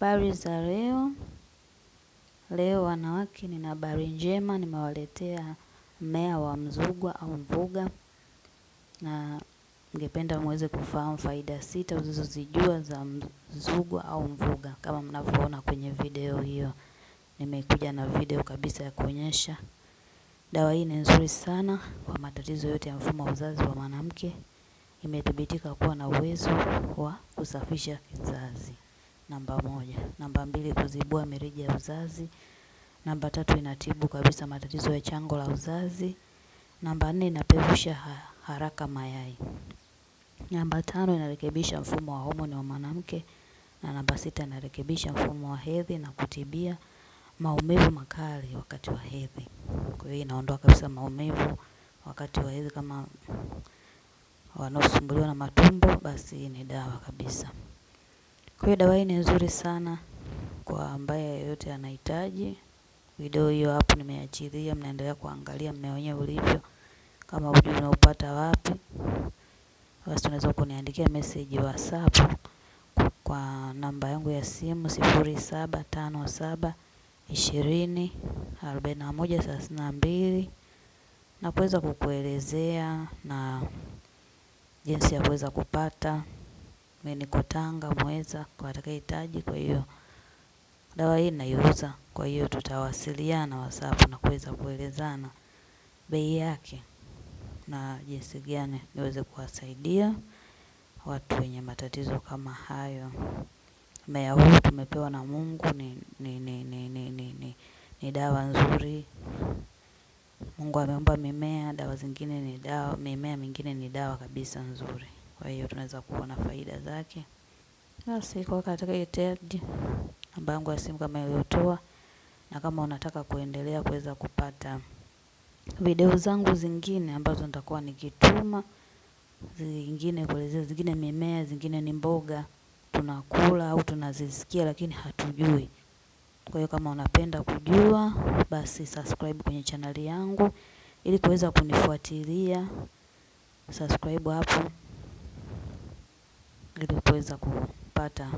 Habari za leo, leo wanawake nina habari njema, nimewaletea mmea wa mzugwa au mvuga na ningependa muweze kufahamu faida sita uzizozijua za mzugwa au mvuga kama mnavyoona kwenye video hiyo. Nimekuja na video kabisa ya kuonyesha. Dawa hii ni nzuri sana kwa matatizo yote ya mfumo wa uzazi wa mwanamke. Imethibitika kuwa na uwezo wa kusafisha kizazi namba moja. Namba mbili kuzibua mirija ya uzazi. Namba tatu inatibu kabisa matatizo ya chango la uzazi. Namba nne inapevusha haraka mayai. Namba tano inarekebisha mfumo wa homoni wa mwanamke na namba sita inarekebisha mfumo wa hedhi na kutibia maumivu makali wakati wa hedhi. Kwa hiyo inaondoa kabisa maumivu wakati wa hedhi kama wanaosumbuliwa na matumbo basi hii ni dawa kabisa. Kwa hiyo dawa hii ni nzuri sana kwa ambaye yeyote anahitaji. Video hiyo hapo nimeachilia, mnaendelea kuangalia mna wenyewe ulivyo kama hujui unaupata wapi. Basi unaweza kuniandikia message WhatsApp kwa namba yangu ya simu sifuri saba tano saba ishirini arobaini na moja thelathini na mbili na kuweza kukuelezea na jinsi ya kuweza kupata mimi niko Tanga Mweza kwa atakayehitaji. Kwa hiyo dawa hii naiuza, kwa hiyo tutawasiliana WhatsApp na kuweza kuelezana bei yake na jinsi gani niweze kuwasaidia watu wenye matatizo kama hayo. Mmea huu tumepewa na Mungu ni ni ni ni ni ni ni ni dawa nzuri. Mungu ameumba mimea, dawa zingine ni dawa, mimea mingine ni dawa kabisa nzuri. Kwa hiyo tunaweza kuona faida zake. Basi kwa katika hitaji namba yangu ya simu kama iliyotoa, na kama unataka kuendelea kuweza kupata video zangu zingine ambazo nitakuwa nikituma zingine kuelezea zingine mimea, zingine ni mboga tunakula au tunazisikia lakini hatujui. Kwa hiyo kama unapenda kujua, basi subscribe kwenye chaneli yangu ili kuweza kunifuatilia. Subscribe hapo ili kuweza kupata